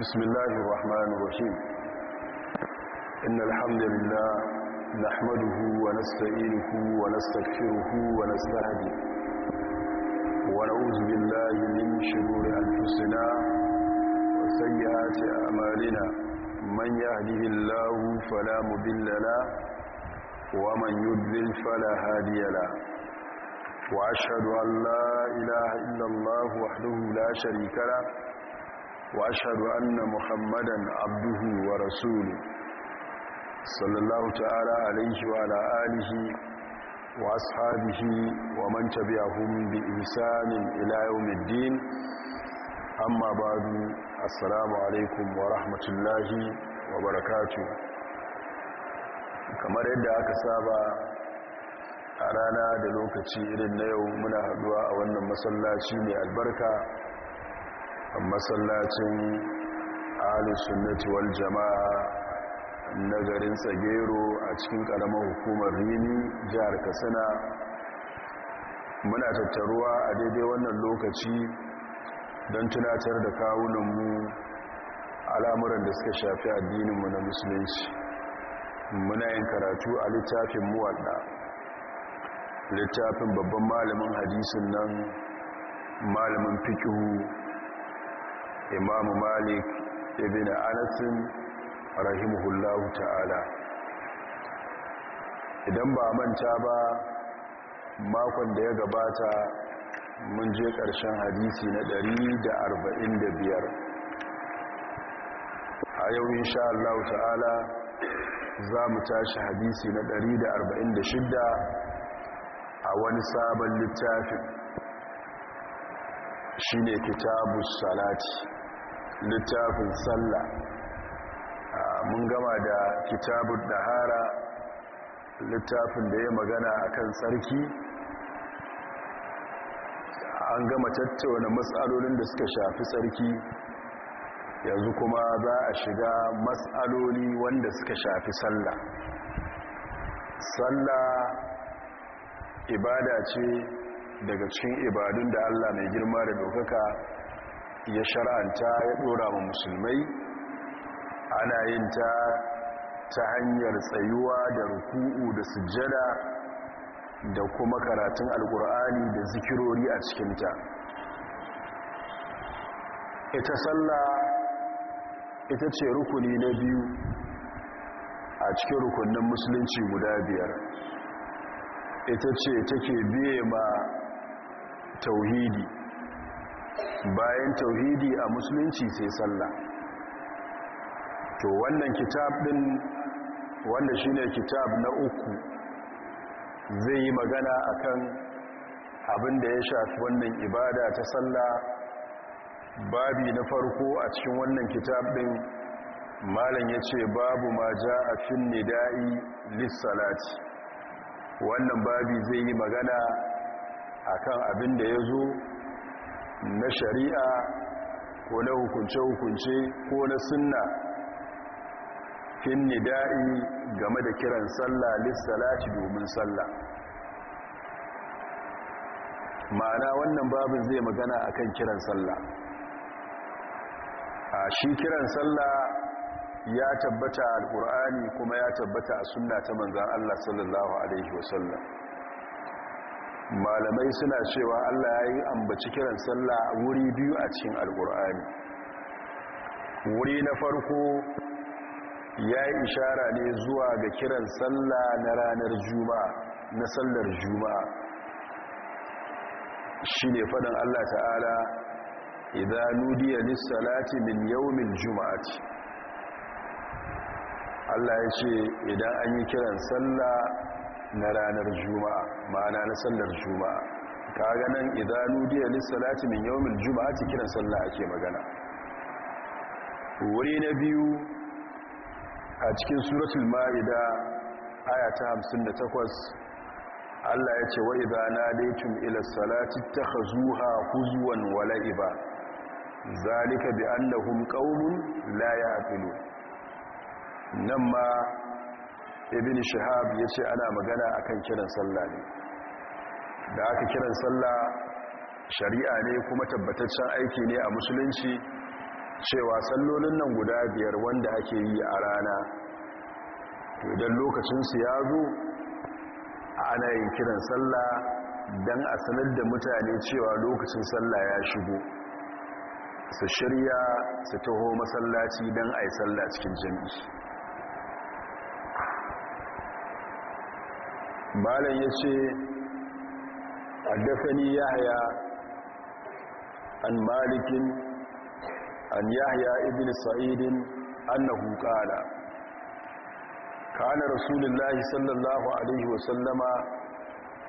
بسم الله الرحمن الرحيم إن الحمد لله نحمده ونستعينه ونستغفره ونستهدي ونعوذ بالله من شرور أنفسنا وسيئات أعمالنا من يهده الله فلا مضل له ومن يضلل فلا هادي له وأشهد أن لا إله إلا الله وحده لا شريك له وأشهد أن محمدا عبده ورسوله صلى الله تعالى عليه وعلى آله وأصحابه ومن تبعهم بإنسان إلى يوم الدين أما بعد السلام عليكم ورحمة الله وبركاته كما yadda aka saba a rana da lokaci irin na yau muna haduwa a wannan masallaci mai albarka masallacin alisunnati wal jama'a na garin tsagero a cikin karamar hukumar rini jihar katsina muna tattaruwa a daidai wannan lokaci don tunatar da kawunanmu al'amuran da suka shafi addininmu na musulunci muna yin karatu a littafin muwadda littafin babban malamin hadisun nan malamin fikihu imamu malik ibn anasin rahimuhullahu ta'ala idan ba manta ba makon da ya gabata mun je ƙarshen hadisi na 145 a yau insha Allah ta'ala za mu tashi hadisi na 146 a wani sabon littafin shi ne kitabu salati littafin sallah mun gama da kitabun dahara littafin da ya magana akan sarki an gama tattauna matsalolin da suka shafi tsarki, yanzu kuma za a shiga matsaloli wanda suka shafi sallah sallah ibada ce daga cikin ibadun da Allah mai girma da dokaka ya shar'anta ya ɗora ma musulmai ana yin ta ta hanyar tsayuwa da ruku'u da sujjada da kuma karatun alkur'ani da zikirori a cikinta ita sallah ita ce rukuni na biyu a cikin rukunin musulunci guda biyar ita ce take biye ma tauhidi bayan tauhidi a musulunci sai sallah to wannan kitab din wanda shine kitab na uku zai yi magana akan abin da ya shafi wannan ibada ta sallah babi na farko a cikin wannan kitab din malam ya ce babu ma ja a fin nida'i lissalati wannan babi zai yi magana akan abin da ya zo na shari'a ko na hukunce-hukunce ko na sunna fin nida'i game da kiran sallah lissalaci domin sallah ma'ana wannan babin zai magana a kan kiran sallah a shi kiran sallah ya tabbata Al-ƙur'ani kuma ya tabbata a sunna ta manzan Allah sallallahu alaihi wasallam malamai suna cewa Allah ya yi ambaci kiran sallah wuri biyu a cikin alkur'ani wuri na farko ya yi ishara ne zuwa ga kiran sallah na ranar juma'a na sallar juma'a shi ne faɗin Allah ta'ala idan nudiya salati min yawmin juma'ati Allah ya ce idan an yi kiran sallah na ranar juma'a ma'ana na sallar juma'a Ka kaga nan idan nudiya lissalati min juma'a juma'ati kiran sallah ake magana wuri na biyu a cikin suratul ma'ida aya ta takwas, Allah ya ce wa na daikin ilar salati takhazuha huzwan wala'i ba zalika bi annahum qaumun la ya ya'qilun nan ma ibn shahab ya ce ana magana a kan kiran sallah ne da aka kiran sallah shari'a ne kuma tabbataccen aiki ne a musulunci cewa sallolin nan guda biyar wanda ake yi a rana to idan lokacinsu ya zo ana yin kiran sallah don a sanar da mutane cewa lokacin sallah ya shigo su shirya su taho masallaci don a yi sallah cikin jami'i malam ya ce dafani yahya an malikin an yahya ibn sa'idin annahu qala kana rasulullahi sallallahu alaihi sallama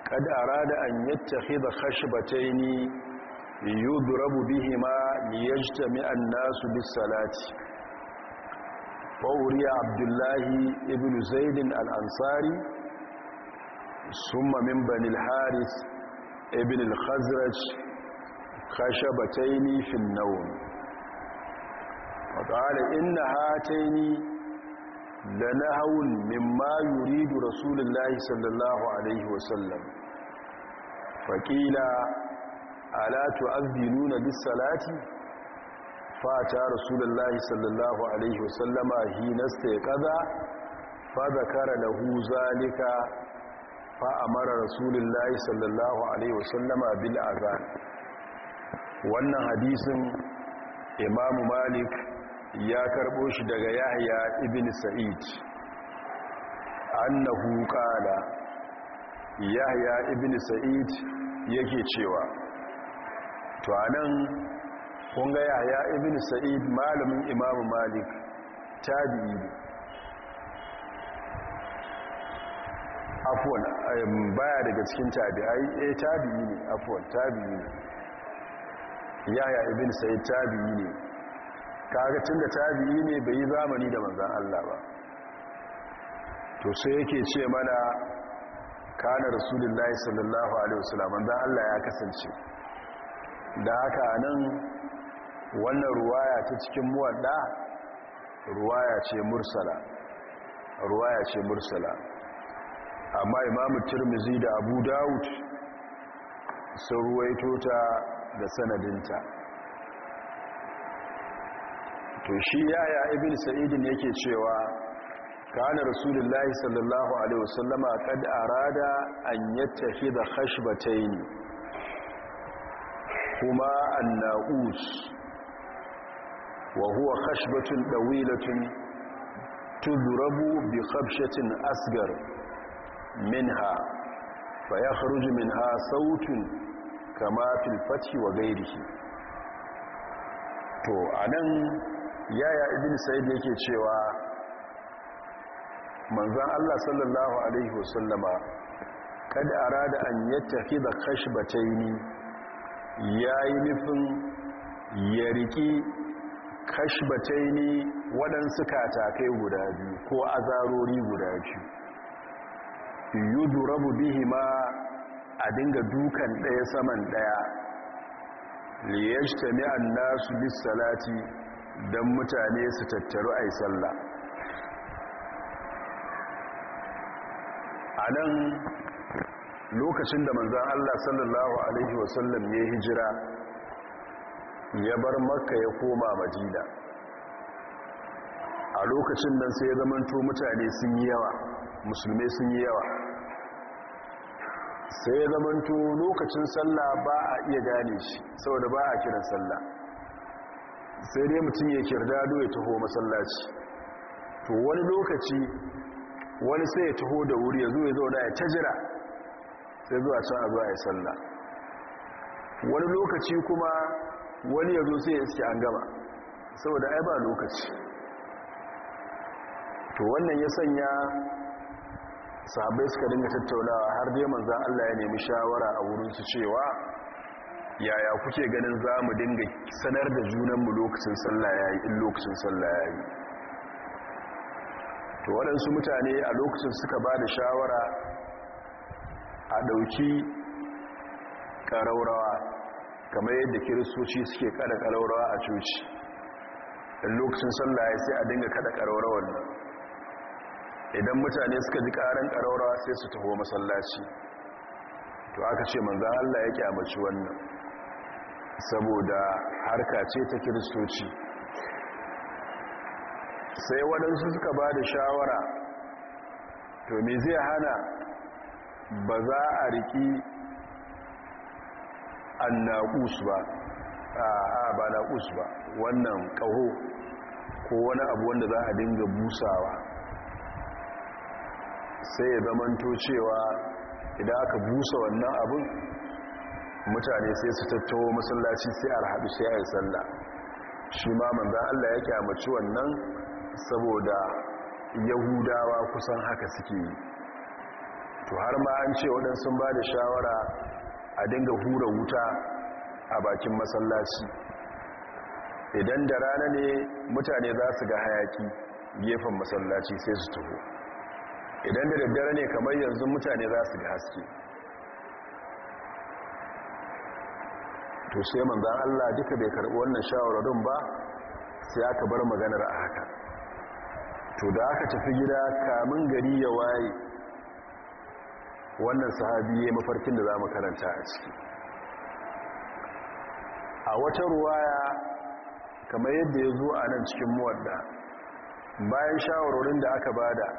kad arada an yattakhidha khashbataini yudrabu bihima liyajtami'a an-nasu bis-salati فوري Abdullahi Ibn ابن al-Ansari. summa min bani haris ibn al-khazraj khashabataini fi an-nawm wa qala inna hataini lanahun mimma yuridu rasulullahi sallallahu alayhi wa sallam fa qila ala tu'adhinuna bis-salati fa ta rasulullahi sallallahu alayhi wa sallama hina istiqaza fa dhakara lahu zalika fa'amara rasulullahi sallallahu alaihi wasallama bil azan wannan hadisun imamu malik ya karɓo shi daga yahya ibn sa'id annahu qala yahya ibn sa'id yake cewa to anan kun ga yahya ibn sa'id malamin imamu malik tabi'i afuwan baya daga cikin tabi'ai eh tabi'i ne afuwan tabi'i ne yaya ibn sayyid tabi'i ne kaga tunda tabi'i ne bai yi zamani da manzon Allah ba to sai yake ce mana kana rasulullahi sallallahu alaihi wasallam manzon Allah ya kasance da haka nan wannan ruwaya ta cikin muwadda ruwaya ce mursala ruwaya ce mursala amma imamu tirmizi da abu dawud sun ruwaito ta da sanadinta to shi yaya ibn sa'idin yake cewa kana rasulullahi sallallahu alaihi wasallama kad arada an yattakhidha khashbatayn kuma an-na'us wa huwa khashbatun dawilatun tudrabu bi khabshatin asgar minha fa ya kharuju minha sautun kama fil wa wa shi to anan yaya ibn yake cewa manzon Allah sallallahu alaihi wasallama kada arada an yattakhidha ya yayi nufin ya riki kashbatai ne waɗansu katakai guda biyu ko azarori guda biyu Yudu rabu bihi ma a dinga dukan ɗaya saman ɗaya liyajtami nasu bis salati don mutane su tattaru a ai sallah nan, lokacin da manzon Allah sallallahu alaihi wasallam ya hijira ya bar makka ya koma madina a lokacin nan sai ya zamanto mutane sun yi yawa musulmai sun yi yawa sai zamanto lokacin sallah ba a iya gane shi saboda ba a kiran sallah sai dai mutum ya do ya taho masallaci to wani lokaci wani sai ya taho da wuri ya zo ya zauna ya tajira sai zuwa can a zuwa ya sallah wani lokaci kuma wani ya zo sai ya iske an gama saboda ai ba lokaci to wannan ya sanya sahabai suka dinga tattaunawa har dai manzan Allah ya nemi shawara a wurin su cewa yaya kuke ganin za mu dinga sanar da junanmu lokacin sallah ya yi in lokacin sallah ya yi to waɗansu mutane a lokacin suka ba da shawara a ɗauki ƙaraurawa kamar yadda kiristoci suke kada ƙaraurawa a coci in lokacin sallah ya sai a dinga kada ƙaraurawar idan mutane suka ji karan ƙaraurawa sai su taho masallaci to aka ce manzan Allah ya kyamaci wannan saboda harka ce ta kiristoci sai waɗansu suka ba da shawara to me zai hana ba za a riƙi annaƙus ba a ba naƙus ba wannan ƙaho ko wani abu wanda za a dinga busawa sai ya zamanto cewa idan aka busa wannan abin mutane sai su tattawo masallaci sai rahadu sai ya yi sallah shi ma manzan Allah ya kyamaci wannan saboda yahudawa kusan haka suke yi to har ma an ce waɗansu ba da shawara a dinga hura wuta a bakin masallaci idan da rana ne mutane za su ga hayaki gefen masallaci sai su taho idan da daddare ne kamar yanzu mutane za su ga haske to sai manzan Allah duka bai karɓi wannan shawararin ba sai aka bar maganar a haka to da aka tafi gida kamun gari ya waye wannan sahabi ya mafarkin da za mu karanta a ciki a wata ruwaya kamar yadda ya zo a nan cikin muwadda bayan shawarorin da aka bada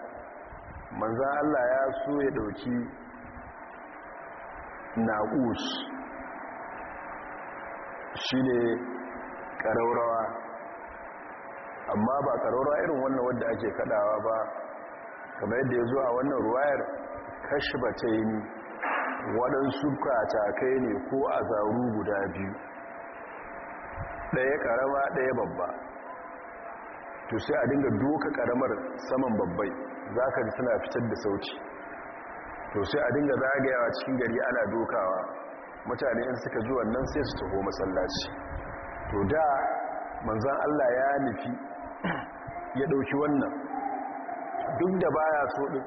manzan Allah ya so ya dauki na'us shi ne ƙaraurawa amma ba ƙaraurawa irin wannan wadda ake kaɗawa ba kamar yadda ya zo a wannan ruwayar ba yi ni waɗansu katakai ne ko a zaru guda biyu ɗaya ƙarama ɗaya babba to sai a dinga doka ƙaramar saman babbai za ka ji suna fitar da sauti to sai a dinga zagayawa cikin gari ana dokawa mutane in suka ji wannan sai su taho masallaci to da manzan Allah ya nufi ya ɗauki wannan duk da baya so ɗin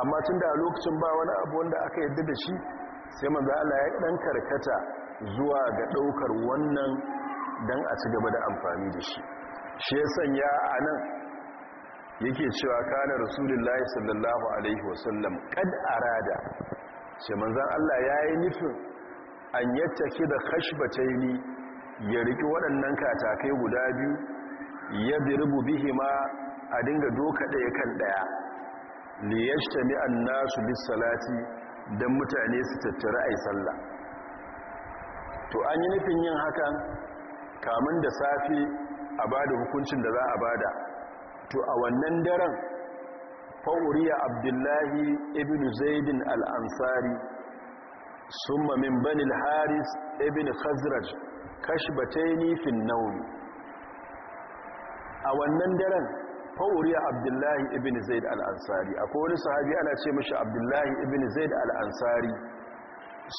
amma tun da lokacin ba wani abu wanda aka yadda da shi sai manzan Allah ya ɗan karkata zuwa ga ɗaukar wannan don a ci gaba da amfani da shi shi ya sanya a nan yake cewa kana rasulullahi sallallahu alaihi wasallam kad arada sai manzan Allah ya yi nufin an yattaki da khashbataini ya riki waɗannan katakai guda biyu ya birbu bihima a dinga doka ɗaya kan ɗaya liyashtami annasu bis salati dan mutane su tattara ai sallah to an yi nufin yin hakan kamun da safi a bada hukuncin da za a bada to a wannan daren fa'uriya abdullahi ibn zaidin al'ansari sun mamin banin haris ibn khazraj kashbatai nifin nauni a wannan daren fa'uriya abdullahi ibn zaid al'ansari a kowane sahabi ana ce mashi abdullahi ibn zaid al'ansari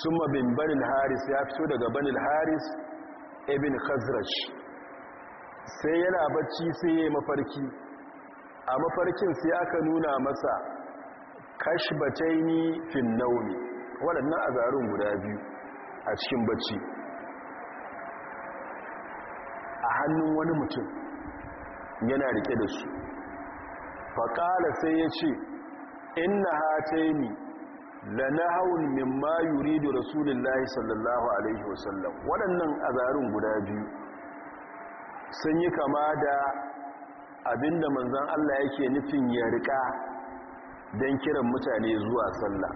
sun mamin banin haris ya fito daga banin haris ibn khazraj sai yana bacci sai ya yi mafarki a mafarkin sai aka nuna masa kashbataini fin nauni waɗannan azarun guda biyu a cikin bacci a hannun wani mutum yana rike da su faƙala sai ya ce in inna hataini lanahun mimma yuridu rasulullahi sallallahu alaihi wasallam waɗannan azarun guda biyu sun yi kama da abinda manzan Allah yake nufin ya riƙa don kiran mutane zuwa sallah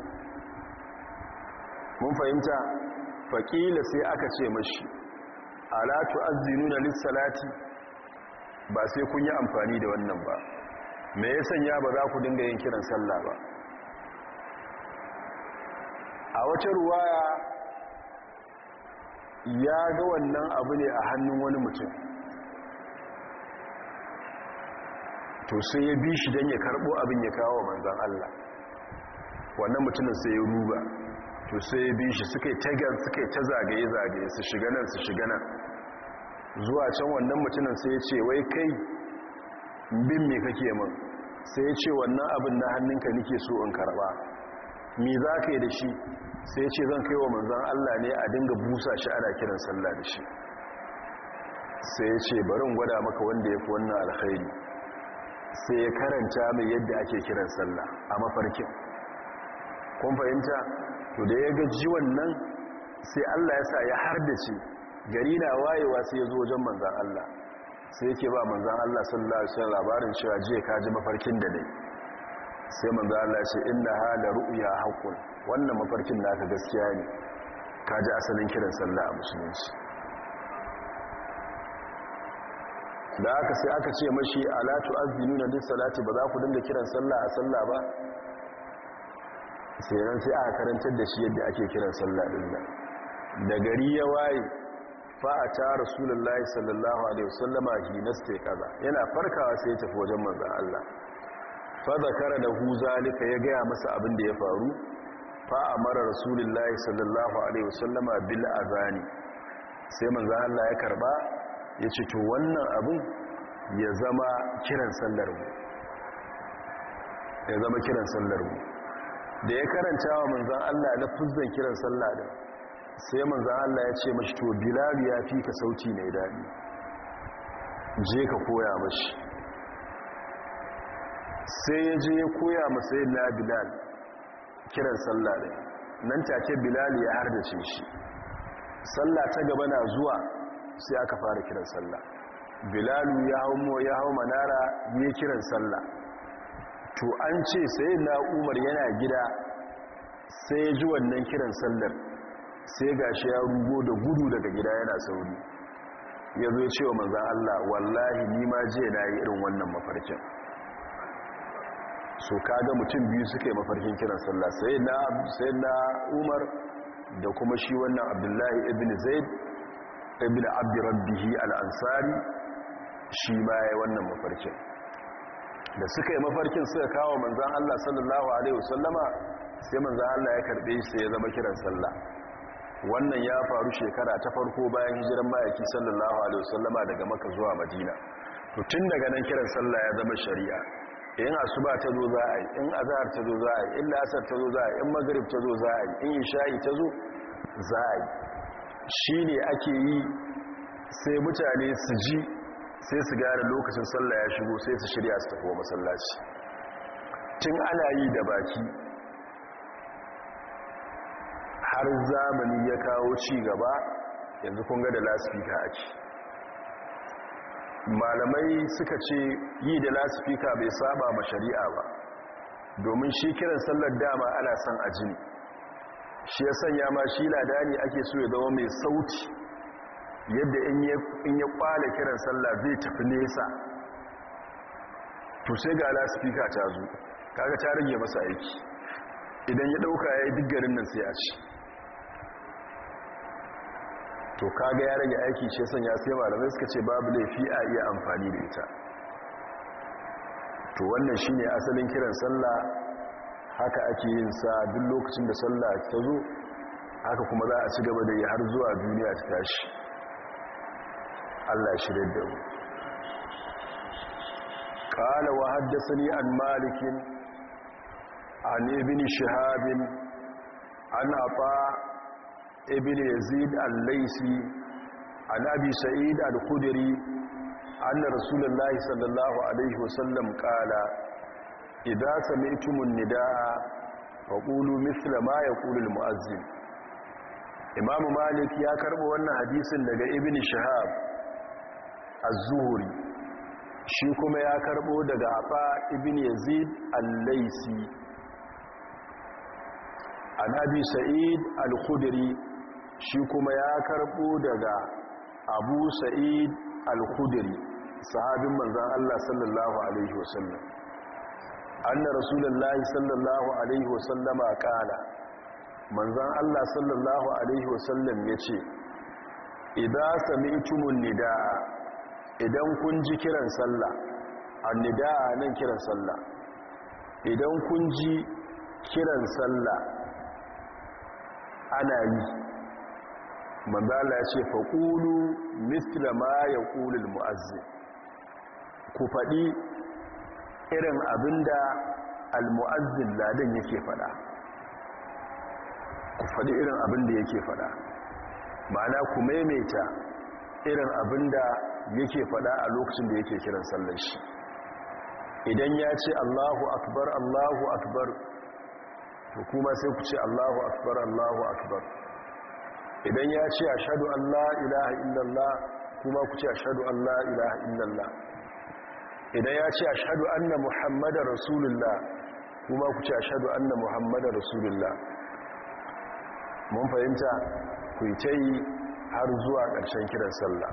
mun fahimta faƙila sai aka ce mashi alatu tu'azzinu na lissalati ba sai kun yi amfani da wannan ba me ya sanya ba za ku dinga yin kiran sallah ba a wata ruwaya ya ga wannan abu ne a hannun wani mutum to sai ya bi shi don ya karbo abin ya kawo manzan Allah wannan mutumin sai ya ruba to sai ya bi shi suka yi tagar suka yi ta zagaye-zagaye su shiga nan su shiga nan zuwa can wannan mutumin sai ya ce wai kai bin me kake min sai ya ce wannan abin na hannunka nike so in karba me za ka yi da shi sai ya ce zan kai wa manzan Allah ne a dinga busa shi ana kiran sallah da shi sai ya ce barin gwada maka wanda ya fi wannan alkhairi sai ya karanta mai yadda ake kiran sallah a mafarkin kun fahimta to da ya gaji wannan sai Allah ya sa ya hardace gari na wayewa sai ya zo wajen manzan Allah sai yake ba manzan Allah sallallahu alaihi wasallam labarin cewa jiya ka ji mafarkin da dai sai manzan Allah ya ce inna hala ru'ya haqqun wannan mafarkin naka gaskiya ne ka ji asalin kiran sallah a musulunci da aka sai aka ce mashi alatu azbinu na duk salati ba za ku dinga kiran sallah a sallah ba sai ran sai aka karantar da shi yadda ake kiran sallah din nan da gari ya waye fa a ta rasulullahi sallallahu alaihi wasallama naste kaza yana farkawa sai ya tafi wajen manzon Allah fa zakara da hu zalika ya gaya masa abin da ya faru fa amara rasulullahi sallallahu alaihi wasallama bil azani sai manzon Allah ya karba ya ce to wannan abin ya zama kiran sallarmu ya zama kiran sallarmu da ya karanta wa manzan Allah na fuzzan kiran sallah da sai manzan Allah ya ce mashi to bilal ya fi ka sauti mai daɗi je ka koya mashi sai ya je ya koya masa yin na bilal kiran sallah da nan take bilal ya hardace shi sallah ta gaba na zuwa sai aka fara kiran sallah bilalu ya hau ya hau manara ya kiran sallah to an ce sai na umar yana gida sai ji wannan kiran sallar sai gashi ya rugo da gudu daga gida yana sauri ya zo ce wa manzan Allah wallahi ni ma je na yi irin wannan mafarkin so kaga mutum biyu suka yi mafarkin kiran sallah sai na umar da kuma shi wannan abdullahi ibn zaid ibn abdi rabbihi al-ansari shi ma yi wannan mafarkin da suka yi mafarkin suka kawo manzon Allah sallallahu alaihi wasallama sai manzon Allah ya karbe shi ya zama kiran sallah wannan ya faru shekara ta farko bayan hijiran mayaki sallallahu alaihi wasallama daga makka zuwa madina to tun daga nan kiran sallah ya zama shari'a in asuba ta zo za a yi in azhar ta zo za a yi in la'asar ta zo za a yi in magrib ta zo za a yi in isha'i ta zo za a yi shi ne ake yi sai mutane su ji sai su gane lokacin sallah ya shigo sai su shirya su tafi wa masallaci tun ana yi da baki har zamani ya kawo ci gaba yanzu kunga ga da a ake malamai suka ce yi da lasfika bai saba ma shari'a ba domin shi kiran sallar dama ana son ajini shi ya sanya ma shi ladani ake so ya zama mai sauti yadda in ya kwale kiran sallah zai tafi nesa to sai ga laspika ta zo kaga ta rage masa aiki idan ya dauka ya yi diggarin nan sai a ci to kaga ya rage aiki shi sanya sai malamai suka ce babu laifi a iya amfani da ita to wannan shine asalin kiran sallah haka ake yin sa duk lokacin da sallah ta zo haka kuma za a ci gaba da yi har zuwa duniya ta tashi Allah shirya da mu qala wa haddathani an malik an ibn shahabin an afa ibn yazid al-laisi an abi sa'id al-khudri anna rasulullahi sallallahu alayhi wa sallam Idan idza nida a ƙulu mithla ma ya al-mu'azzin imamu malik ya karɓo wannan hadisin daga ibn shahab az Zuhuri, shi kuma ya karɓo daga afa ibn yazid al-laisi an sa'id al-khudri shi kuma ya karɓo daga abu sa'id al-khudri sahabin manzan Allah sallallahu alaihi wasallam anna rasulullahi sallallahu alaihi wasallama kala manzan Allah sallallahu alaihi wasallam ya ce idan sami'tumun nida'a idan kun ji kiran sallah annida'a nan kiran sallah idan kun ji kiran sallah ana yi manzala ya ce faƙulu misla ma ya ƙulil mu'azzin ku faɗi irin abinda al-mu'azzin ladan yake fada ku faɗi irin abinda yake fada ma'ana ku maimaita irin abinda yake fada a lokacin da yake kiran sallar shi idan ya ce Allahu akbar Allahu akbar to kuma sai ku ce Allahu akbar Allahu akbar idan ya ce ashhadu an la ilaha illallah kuma ku ce ashhadu an la ilaha illallah idan ya ce ashhadu anna muhammada rasulullah kuma ku ce ashhadu anna muhammada rasulullah mun fahimta ku yi ta yi har zuwa ƙarshen kiran sallah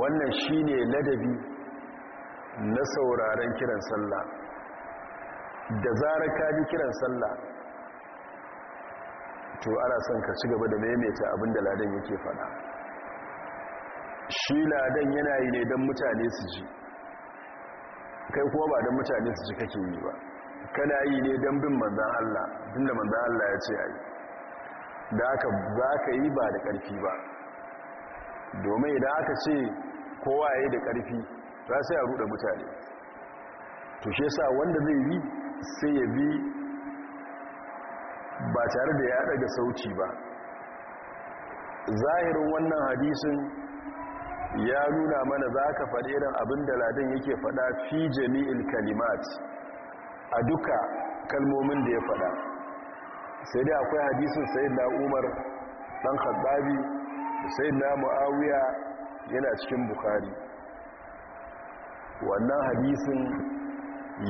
wannan shi ne ladabi na sauraren kiran sallah da zarar ka ji kiran sallah to ana son ka ci gaba da maimaita abin da ladan yake faɗa shi ladan yana yi ne don mutane su ji kai kuwa ba don mutane su ji kake yi ba kana yi ne don bin manzan Allah tun da manzan Allah ya ce a yi da aka za ka yi ba da ƙarfi ba domin idan aka ce kowa ya yi da ƙarfi za sai a ruɗa mutane to sa wanda zai yi sai ya bi ba tare da ya ɗaga sauci ba zahirin wannan hadisin ya nuna mana za ka faɗi abin da ladin yake faɗa fi jami'il kalimat a duka kalmomin da ya faɗa sai dai akwai hadisun sayin na umar ɗan da sai na mu'awiya yana cikin bukari wannan hadisun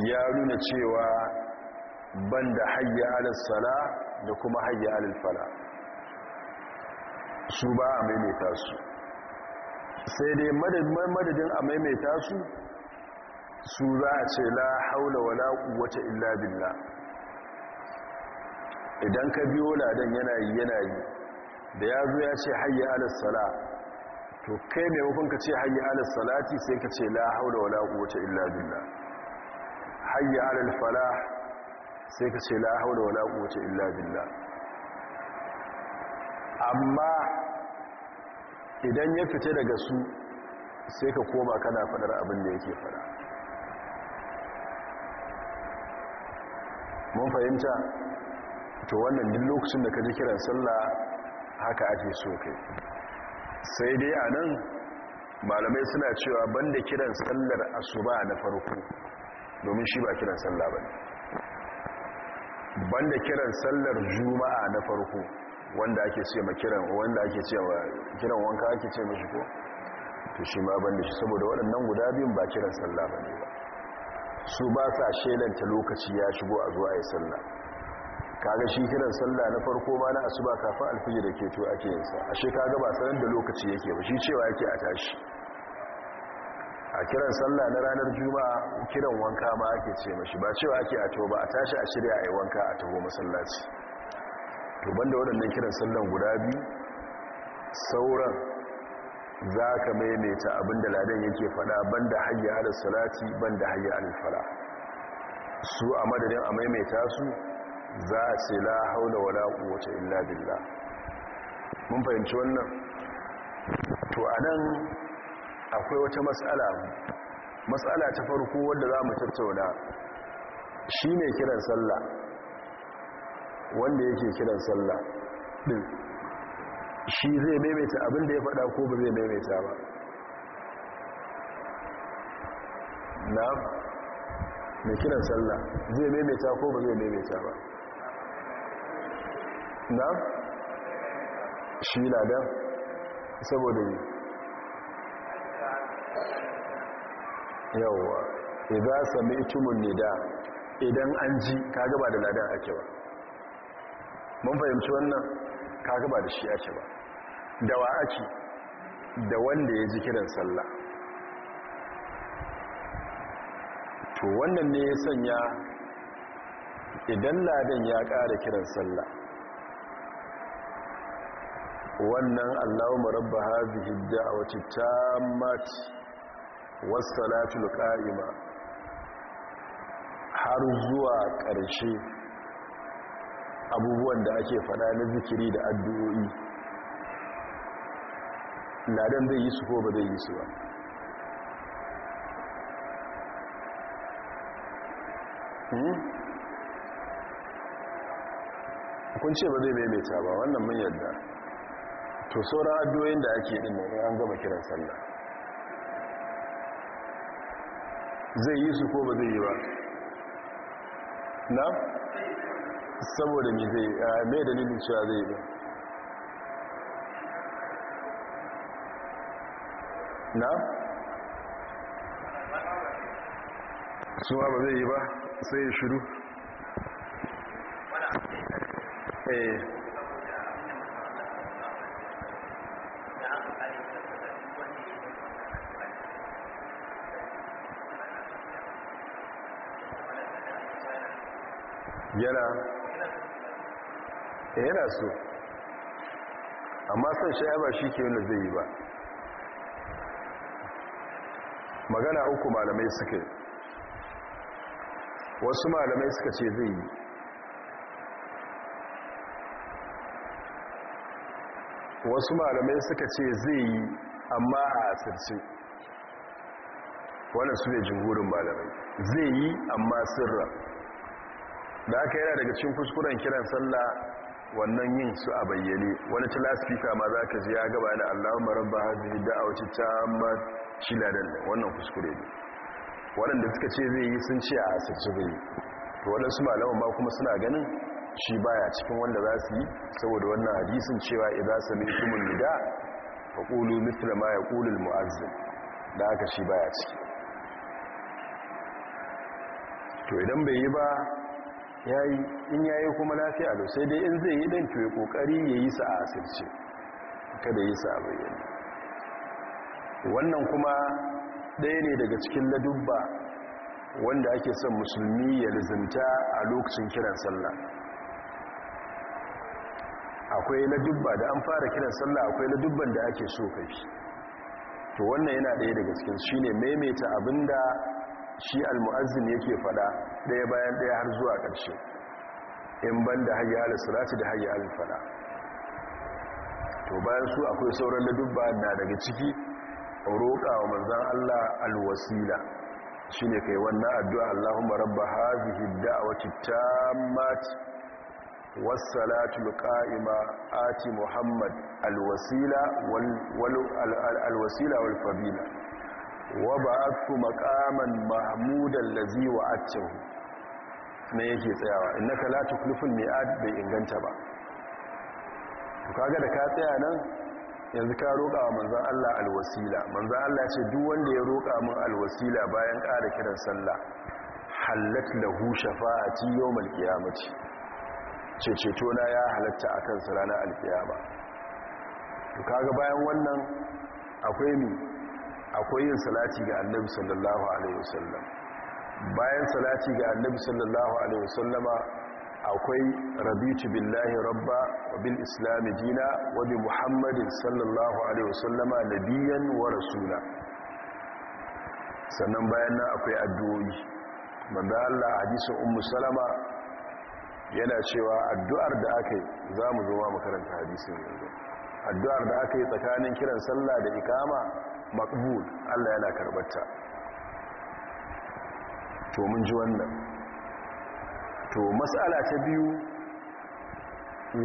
ya nuna cewa ban da hayya alisala da kuma hayya alifala fala su ba a maimaita su sai dai madadin a maimaita su su za a ce la haula wala quwwata illa billah idan ka biyo ladan yana yi yana yi da ya zo ya ce hayya ala to kai maimakon ka ce hayya ala salati sai ka ce la haula wala quwwata illa billah hayya ala falah sai ka ce la haula wala quwwata illa billah amma idan ya fita daga su sai ka koma kana fadar abin da yake fada mun fahimta to wannan duk lokacin da ka ji kiran sallah haka ake so kai sai dai a nan malamai suna cewa banda kiran sallar asuba na farko domin shi ba kiran sallah ba banda kiran sallar juma'a na farko wanda ake ce ma kiran wanda ake ce ma kiran wanka ake ce mashi ko to shi ma ban da shi saboda waɗannan guda biyun ba kiran sallah ba ne ba su ba sa shelanta lokaci ya shigo a zuwa ya sallah kaga shi kiran sallah na farko ma na asuba kafin alfijir da ke to ake yin sa ashe kaga ba sanar da lokaci yake ba shi cewa yake a tashi a kiran sallah na ranar juma'a kiran wanka ma ake ce mashi ba cewa ake a to ba a tashi a shirya a yi wanka a taho masallaci to banda waɗannan kiran sallan guda biyu sauran za ka maimaita abinda ladan yake fada banda hayya halar salati banda hayya alfala su a madadin a maimaita su za a ce la haula wala quwwata illa billah mun fahimci wannan to a nan akwai wata matsala matsala ta farko wadda za mu tattauna Shi shine kiran sallah wanda yake kiran sallah din shi zai maimaita abin da ya faɗa ko ba zai maimaita ba na mai kiran sallah zai maimaita ko ba zai maimaita ba na shi da saboda yi yawwa idan sami itumun nida idan an ji ka gaba da ladan ake ba mun fahimci wannan kaga ba da shi ake ba da wa ake da wanda ya ji kiran sallah to wannan ne ya sanya idan ladan ya ƙara kiran sallah wannan allahumma rabba hadhihi ad-da'wati tammati was-salatu qaima har zuwa ƙarshe abubuwan da ake fada na zikiri da addu'o'i ladan zai yi su ko ba zai yi su ba hmm? kun ce ba zai maimaita ba wannan mun yadda to sauran addu'o'in da ake din ne an gama kiran sallah zai yi su ko ba zai yi ba na? saboda mai zai me dalilin cewa zai yi na su ba zai yi ba sai shuru shiru eh. yana Eh, yana so amma son shi ba shi ke wanda zai yi ba magana uku malamai suka yi wasu malamai suka ce zai yi wasu malamai suka ce zai yi amma a asirce wannan su ne jingurin malamai zai yi amma sirra da aka yana daga cikin kuskuren kiran sallah wannan yin su a bayyane wani ta laspika ma za ka ji gaba da allahumma rabba hadhihi da'awati ladan da wannan kuskure ne waɗanda suka ce zai yi sun ce a asirci zai to waɗansu malaman ma kuma suna ganin shi baya cikin wanda za su yi saboda wannan hadisin cewa sami sami'tumul nida faqulu mithla ma ya al-mu'azzin da aka shi baya ciki to idan bai yi ba in ya yi kuma lafiya da sai dai in zai yi ɗan ya ƙoƙari ya yi sa a asirce kada yi sa a bayyana wannan kuma ɗaya ne daga cikin ladubba wanda ake son musulmi ya lizimta a lokacin kiran sallah akwai ladubba da an fara kiran sallah akwai ladubban da ake so kai to wannan yana ɗaya daga cikin shine maimaita abinda shi almu'azzin yake fada ɗaya bayan ɗaya har zuwa ƙarshe in ban da hayya al-salati da hayya al-fala to bayan su akwai sauran dubba na daga ciki roƙa wa manzon Allah Alwasila. wasila shine kai wannan addu'a Allahumma rabb hadhihi ad-da'wati tammat was-salatu al-qa'ima ati Muhammad Alwasila, wasila wa ba su makaman mahmudan allazi wa'adtahu ne yake tsayawa ka la mai mi'ad bai inganta ba kaga da ka tsaya nan yanzu ka roƙa wa manzan Allah alwasila Manzan Allah ce duk wanda ya roƙa min alwasila bayan ƙara kiran sallah hallat lahu shafa'ati yawmal qiyamati ce ce na ya halatta akan sa ranar alkiyama to kaga bayan wannan akwai mi akwai yin salati ga annabi sallallahu alaihi wasallam bayan salati ga annabi sallallahu alaihi wasallama akwai rabitu billahi rabba wa bil islam dina wa bi muhammadin sallallahu alaihi wasallama nabiyan wa rasula sannan bayan nan akwai addu'o'i manzo Allah hadisi ummu salama yana cewa addu'ar da aka yi za mu zo ma makaranta hadisin yanzu addu'ar da aka yi tsakanin kiran sallah da ikama makbul Allah yana karbata to mun ji wannan to matsala ta biyu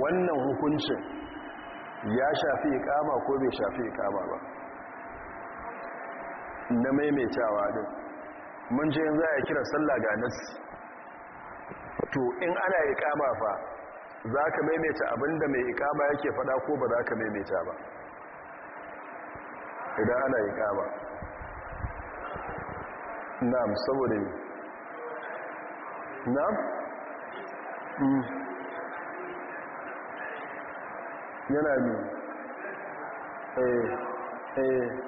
wannan hukuncin ya shafi ikama ko bai shafi ikama ba na maimaitawa din mun je yanzu a kira sallah ga nasi to in ana ikama fa za ka maimaita abinda mai ikama yake fada ko ba za ka maimaita ba idan ana ikama na'am saboda yi na'am mm. yana ne eh eh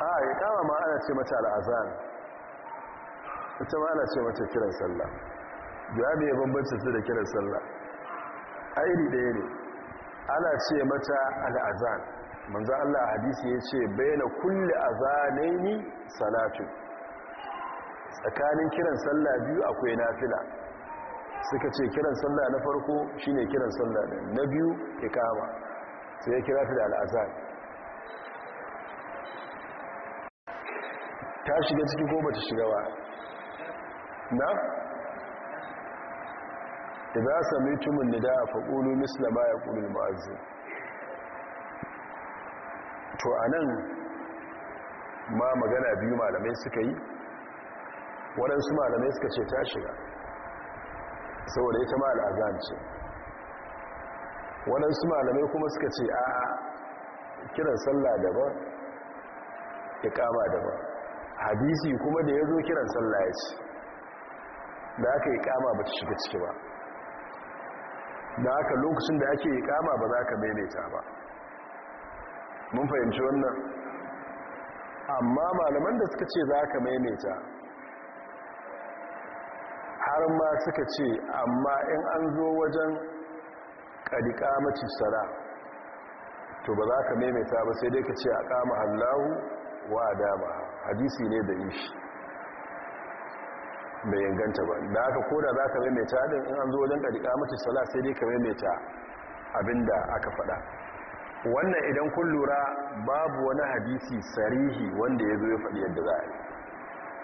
a ikama ma ana ce mata al'azan ita ma ana ce mata kiran sallah ya mai bambancin su da kiran sallah airi ɗaya ne ana ce mata al'azan manzan Allah a hadisi ya ce bayyana kulle azanaini salatu tsakanin kiran sallah biyu akwai nafila suka ce kiran sallah na farko shine kiran sallah na biyu kama. sai ya kira ta da al'azan ta shiga ciki ko bata shiga ba na idza sami'tum an-nidaa faqulu misla ma yaqulu al-mu'azzin to anan ma magana biyu malamai suka yi waɗansu malamai suka ce ta shiga saboda ita ma al'azan ce waɗansu malamai kuma suka ce a kiran sallah daban ƙama daban hadisi kuma da ya zo kiran sallah ya ce da aka ƙama ba ta shiga ciki ba da haka lokacin da ake ikama ba za ka daidaita ba mun fahimci wannan amma malaman da suka ce za ka maimaita har ma suka ce amma in an zo wajen ƙadiƙa mace sara to ba za ka maimaita ba sai dai ka ce a ƙama hallahu wa dama hadisi ne da ishi bai inganta ba da aka koda za ka maimaita din in an zo wajen ɗariƙa mata sala sai dai ka maimaita abinda aka faɗa wannan idan kun lura babu wani hadisi sarihi wanda ya zo ya faɗi yadda za a yi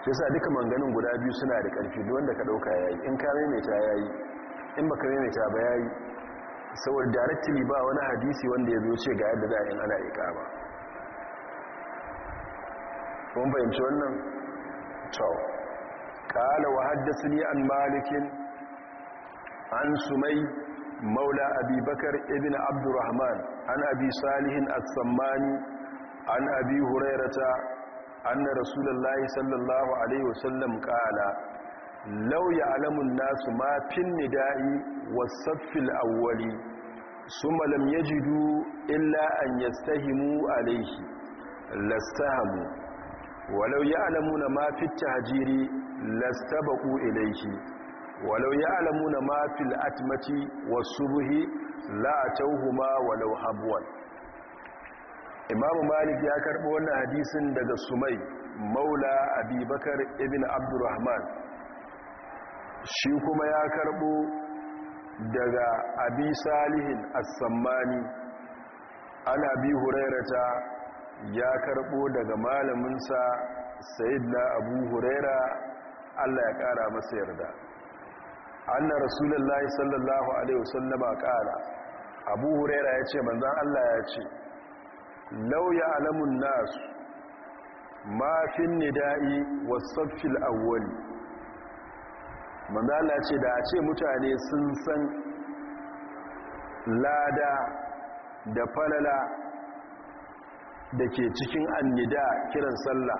shi sa duka manganin guda biyu suna da ƙarfi da ka ɗauka ya yi in ka maimaita ya yi in ba ka maimaita ba ya yi saboda directly ba wani hadisi wanda ya zo ce ga yadda za a yi ana ba kun fahimci wannan cewa قال وحدثني عن مالك عن سمي مولى أبي بكر ابن عبد الرحمن عن أبي صالح السماني عن أبي هريرة أن رسول الله صلى الله عليه وسلم قال لو يعلم الناس ما في النداء والصف الأول ثم لم يجدوا إلا أن يستهموا عليه لاستهموا walau ya'lamuna ma fit tahjiri lastabaku ilayhi walau ya'lamuna ma fil atmati wasu ruhi la tawhuma walau habuwan imam malik ya karbo wannan hadisin daga sumai maula abubakar ibn abdurrahman shi kuma ya karbo daga abi salihin as-sammani Ana hurairata ya karbo daga malaminsa na abu huraira allah ya kara masa yarda anna rasulullahi sallallahu alaihi wasallama kara abu huraira ya ce manzan allah ya ce lauya alamun nasu mafin nida'i wasafil awwali manzan allah ce da a ce mutane sun san lada da falala da ke cikin annida kiran sallah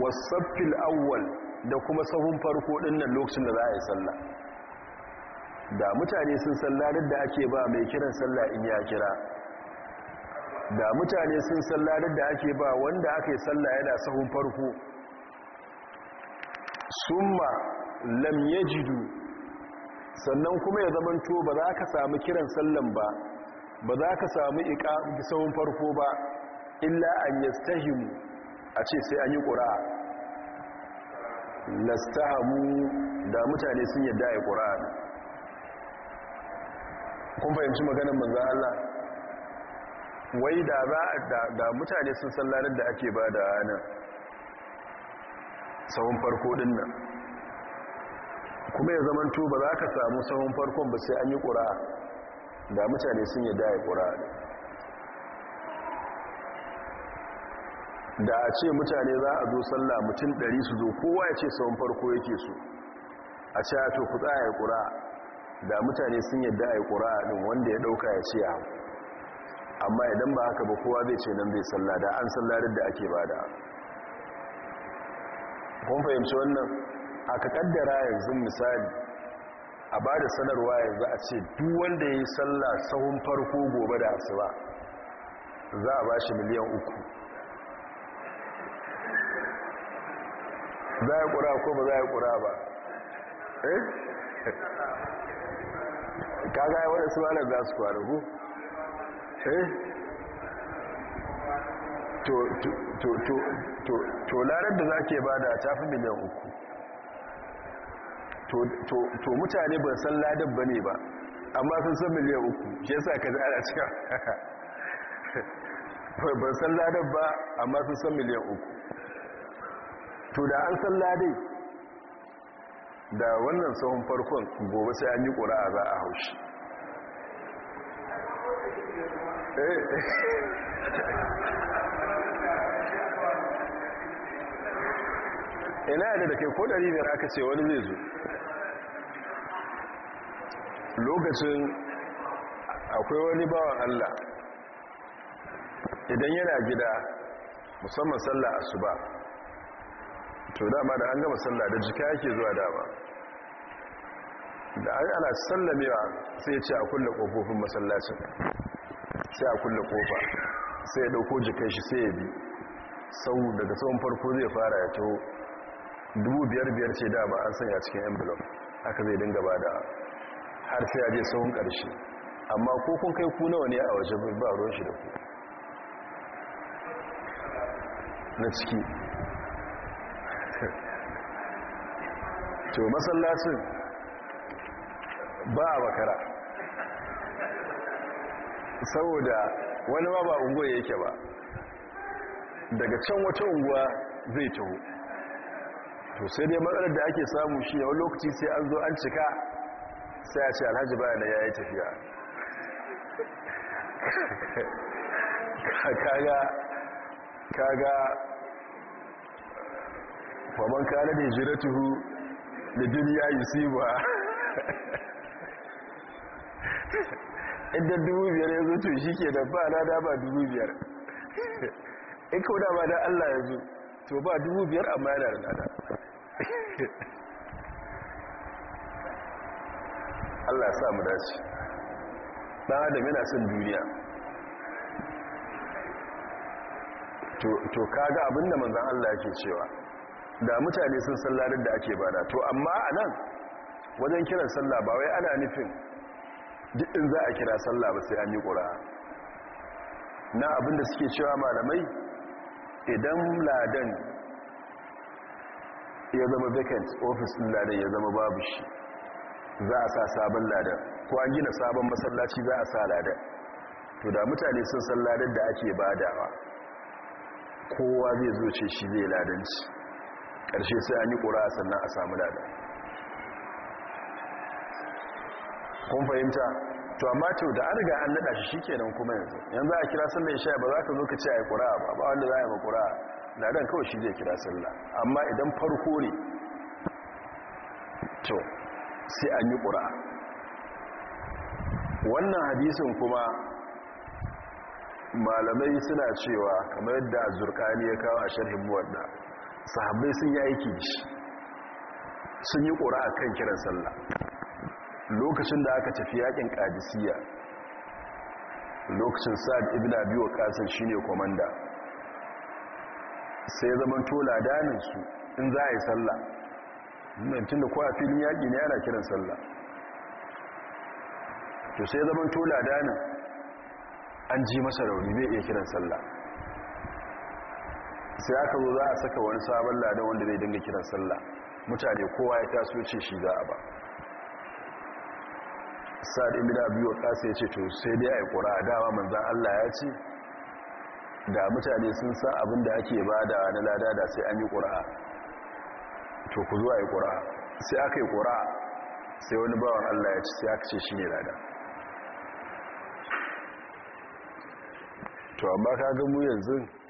wasaffil awwal da kuma sahun farko dinnan lokacin da za a yi sallah da mutane sun sallarar da ake ba mai kiran sallah in ya kira da mutane sun sallarar da ake ba wanda aka yi sallah yana sahun farko summa lam yajidu sannan kuma ya zamanto ba za ka samu kiran sallan ba ba za ka samu iƙa sauran farko ba illa an yastahimu a ce sai an yi ƙura lastahamu da mutane sun yadda ya ƙura kun fahimci maganin manzan Allah wai da za da mutane sun sallarar da ake ba da nan sauran farko din kuma ya zama tuba za ka samu sauran farkon ba sai an yi ƙura da mutane sun yi daya ƙura'ani da a ce mutane za a zo sallah mutum ɗari su zo kowa ya ce saman farko yake su a ce a toku za a yi ƙura da mutane sun yi daya ƙura'anin wanda ya ɗauka ya ce amma idan ba haka ba kowa zai ce nan zai sallah da an sallarar da ake ba da kun fahimci wannan A aka ƙaddara yanzu misali a ba da sanarwa yanzu a ce duk wanda ya yi sallah sahun farko gobe da asuba za a ba shi miliyan uku za a yi kura ko ba za a yi kura ba eh kaga yi wadda suwanar za su kwanaku eh to larar da za ke ba da tafi miliyan uku to mutane ban san ladan ba ne ba amma sun san miliyan uku shi yasa ka ji ana Ba ban san ladan ba amma sun san miliyan uku to da an san ladai da wannan sahun farkon gobe sai an yi ƙura'a za a haushi eh. ina da da ke ko dari ne aka ce wani zai zo lokacin akwai wani bawan Allah idan yana gida musamman sallah asuba to dama da an gama sallah da jika yake zuwa dama da an ana sallamewa sai ya ce a kulle kofofin masallacin sai a kulle kofa sai ya dauko jikai shi sai ya bi sau daga tsawon farko zai fara ya to 5,500 ce dama an sanya cikin envelope aka zai dinga ba da har sai a je ƙarshe amma ko kun kai ku nawa ne a waje ba ruwan shi da ku na ciki to masallacin ba a bakara saboda wani ma ba unguwa yake ba daga can wata unguwa zai taho to sai dai matsalar da ake samu shi yawon lokaci sai an zo an cika sai a ce alhaji bayan ya yi tafiya kaga kaga faman kane da jiratuhu da duniya yi ba inda dubu biyar ya zo to shi ke da ba na dama dubu biyar in kawo ba da allah ya zo to ba dubu biyar amma yana da nada Allah sa mu dace dan adam yana son duniya to kaga abinda manzon Allah yake cewa da mutane sun sallarin da ake bada to amma anan wajen kiran sallah ba wai ana nufin duk in za a kira sallah ba sai an yi ƙura na abinda suke cewa malamai idan ladan ya zama vacant office din ladan ya zama babu shi za a sa sabon lada ko an gina sabon masallaci za a sa ladan to da mutane sun san ladan da ake badawa kowa zai zo ce shi zai ladanci ƙarshe sai an yi ƙura sannan a samu ladan kun fahimta to amma to da an riga an naɗa shi shi kenan kuma yanzu yanzu a kira sallar isha ba za ka zo ka ce a yi ƙura ba ba wanda za a yi ma ƙura ladan kawai shi zai kira sallah amma idan farko ne to sai an yi ƙura wannan hadisin kuma malamai suna cewa kamar yadda zurkani ya kawo a sharhin muwadda sahabai sun yi aiki sun yi ƙura a kan kiran sallah lokacin da aka tafi yakin ƙadisiyya lokacin sa'ad ibn abi shi shine kwamanda. sai zaman tola daninsu in za a yi sallah tun da kowa filin yaƙi ne ana kiran sallah to sai zaman tola dana an ji masa rauni bai iya kiran sallah sai aka zo za a saka wani sabon ladan wanda zai dinga kiran sallah mutane kowa ya taso ce shi za a ba sa'ad ibn biyu wata ya ce to sai dai kura a dama manzon Allah ya ce da mutane sun sa abin da ake da na lada da sai an yi kura to ku zuwa yi ƙura sai aka yi ƙura sai wani bawan Allah ya ci sai aka ce shi ne lada to amma ka gamu yanzu